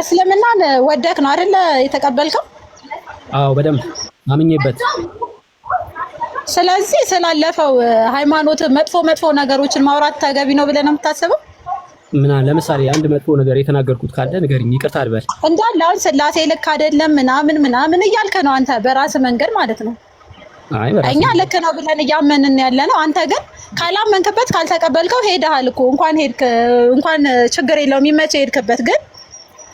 እስልምናን ወደክ ነው አይደለ የተቀበልከው? አዎ በደንብ አምኜበት። ስለዚህ ስላለፈው ሃይማኖት መጥፎ መጥፎ ነገሮችን ማውራት ተገቢ ነው ብለህ ነው የምታስበው? ምና ለምሳሌ አንድ መጥፎ ነገር የተናገርኩት ካለ ንገሪኝ፣ ይቅርታ አልበል እንዳለ አሁን ስላሴ ልክ አይደለም ምናምን ምናምን እያልከ ነው አንተ በራስ መንገድ ማለት ነው። እኛ ልክ ነው ብለን እያመንን ያለ ነው። አንተ ግን ካላመንክበት ካልተቀበልከው ሄደሃል እኮ እንኳን ሄድክ እንኳን ችግር የለውም ይመች ሄድክበት ግን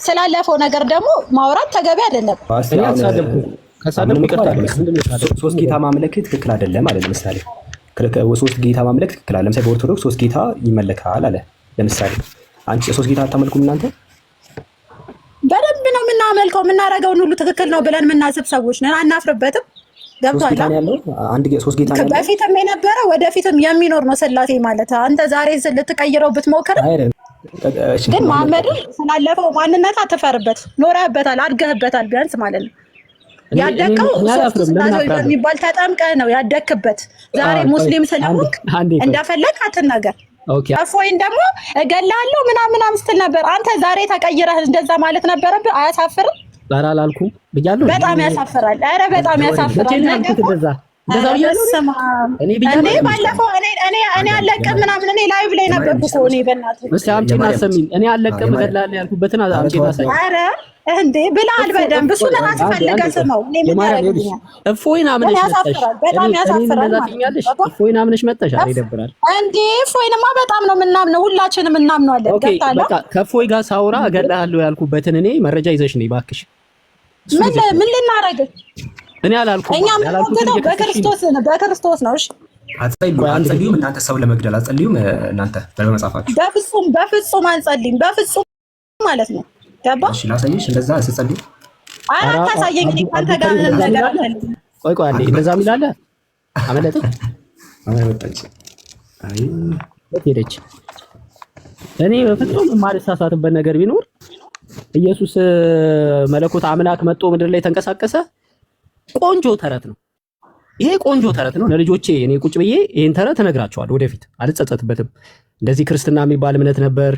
ስላለፈው ነገር ደግሞ ማውራት ተገቢ አይደለም። ሶስት ጌታ ማምለክ ትክክል አይደለም አለ። ለምሳሌ ሶስት ጌታ ማምለክ ትክክል አለ። ለምሳሌ በኦርቶዶክስ ሶስት ጌታ ይመለካል አለ። ለምሳሌ አንቺ ሶስት ጌታ አታመልኩም እናንተ በደንብ ነው የምናመልከው። የምናረገውን ሁሉ ትክክል ነው ብለን የምናስብ ሰዎች ነን። አናፍርበትም። ገብቷል። በፊትም የነበረ ወደፊትም የሚኖር ነው ስላሴ ማለት። አንተ ዛሬ ልትቀይረው ብትሞክርም ግን መሐመድን ስላለፈው ማንነት አትፈርበት። ኖረህበታል፣ አድገህበታል ቢያንስ ማለት ነው። ያደግከው በሚባል ተጠምቀህ ነው ያደክበት። ዛሬ ሙስሊም ስለሆንክ እንደፈለግ አትናገር። እፎይን ደግሞ እገላለሁ ምናምን ስትል ነበር አንተ። ዛሬ ተቀይረህ እንደዛ ማለት ነበረብህ። አያሳፍርም? ኧረ አላልኩም ብያለሁ። በጣም ያሳፍራል። ኧረ በጣም ያሳፍራል። እኔ አለቅም ምናምን እኔ ላይቭ ላይ ነበርኩ እኮ እኔ በእናትህ እስኪ አምጪና እኔ አለቅም እገድላለሁ ያልኩበትን አምጪና ኧረ ብለሃል በደንብ ፈልገህ እኔ ምን ያደርግልኛል? በጣም ያሳፍራል ይደብራል እፎይንማ በጣም ነው የምናምነው፣ ሁላችንም እናምነዋለን። ገብታለሁ ከእፎይ ጋር ሳውራ እገድላለሁ ያልኩበትን እኔ መረጃ ይዘሽ ነይ እባክሽ። ምን ምን ልናረግ እኔ አላልኩም። እኛም በክርስቶስ በክርስቶስ ነው። እሺ እናንተ ሰው ለመግደል እናንተ በመጻፋችሁ። በፍጹም በፍጹም አንጸልይም፣ በፍጹም ማለት ነው። ገባ? እሺ ላሳየሽ። እንደዛ አታሳየኝ። ጋር ምንም ነገር ቆይ ቆይ እንደዛ አመለጠች። ሄደች። እኔ በፍጹም የማልሳሳትበት ነገር ቢኖር ኢየሱስ መለኮት አምላክ መጥቶ ምድር ላይ ተንቀሳቀሰ ቆንጆ ተረት ነው። ይሄ ቆንጆ ተረት ነው። ለልጆቼ እኔ ቁጭ ብዬ ይህን ተረት እነግራቸዋለሁ። ወደፊት አልጸጸትበትም። እንደዚህ ክርስትና የሚባል እምነት ነበር።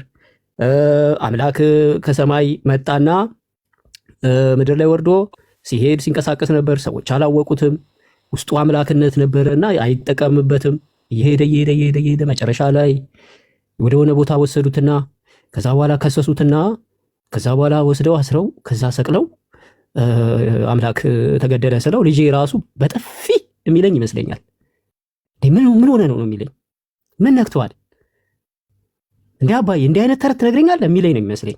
አምላክ ከሰማይ መጣና ምድር ላይ ወርዶ ሲሄድ ሲንቀሳቀስ ነበር። ሰዎች አላወቁትም። ውስጡ አምላክነት ነበረ እና አይጠቀምበትም። እየሄደ እየሄደ እየሄደ እየሄደ መጨረሻ ላይ ወደሆነ ቦታ ወሰዱትና ከዛ በኋላ ከሰሱትና ከዛ በኋላ ወስደው አስረው ከዛ ሰቅለው አምላክ ተገደለ ስለው ልጄ ራሱ በጥፊ የሚለኝ ይመስለኛል። ምን ሆነ ነው ነው የሚለኝ ምን ነክተዋል? እንዲህ አባዬ እንዲህ አይነት ተረት ትነግረኛለህ የሚለኝ ነው የሚመስለኝ።